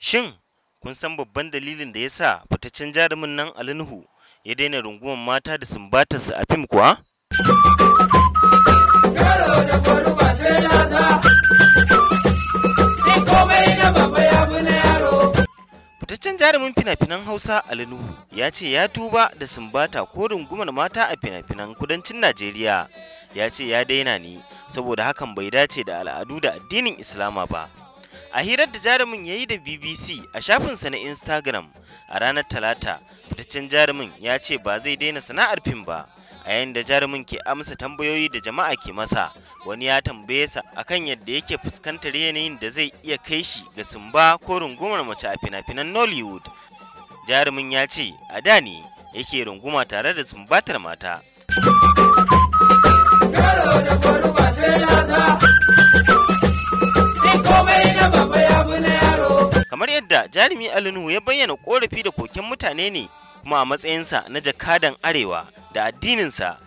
Shin, kun san babban dalilin da ya sa fitaccen jarumin nan Nuhu ya daina rungumar mata da sumbatarsa a fim kuwa? Fitaccen jarumin fina-finan Hausa Nuhu ya ce ya tuba da sumbata ko rungumar mata a fina-finan kudancin Najeriya. Ya ce ya daina ne saboda hakan bai dace da al'adu da addinin Islama ba. a hirar da jarumin ya yi da bbc a shafinsa na instagram a ranar talata fitaccen jarumin ya ce ba zai daina sana'ar fim ba a yayin da jarumin ke amsa tambayoyi da jama'a ke masa wani ya tambaye sa akan yadda yake fuskantar yanayin da zai iya kai shi ga sumba ko rungumar mace a fina-finan nollywood jarumin ya ce a da ne yake runguma tare da sumbatar mata jarumi alinu ya bayyana korafi da koken mutane ne kuma a matsayinsa na jakadan arewa da addininsa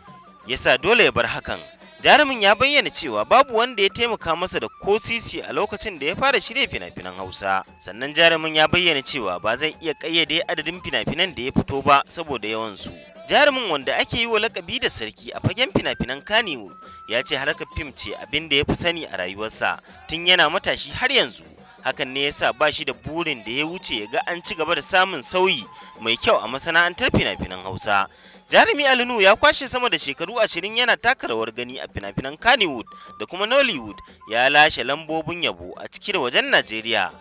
ya sa dole ya bar hakan jarumin ya bayyana cewa babu wanda ya taimaka masa da ko sisi a lokacin da ya fara shirya fina-finan hausa sannan jarumin ya bayyana cewa ba zai iya ƙayyade adadin fina-finan da ya fito ba saboda yawansu jarumin wanda ake yi wa lakabi da sarki a fagen fina-finan kaniwu ya ce harkar fim ce abin da ya fi sani a rayuwarsa tun yana matashi har yanzu hakan ne yasa ba shi da burin da ya wuce ya ga an ci gaba da samun sauyi mai kyau a masana'antar fina-finan hausa jarumi alinu ya kwashe sama da shekaru ashirin yana taka rawar gani a fina-finan kannywood da kuma nollywood ya lashe lambobin yabo a cikin wajen najeriya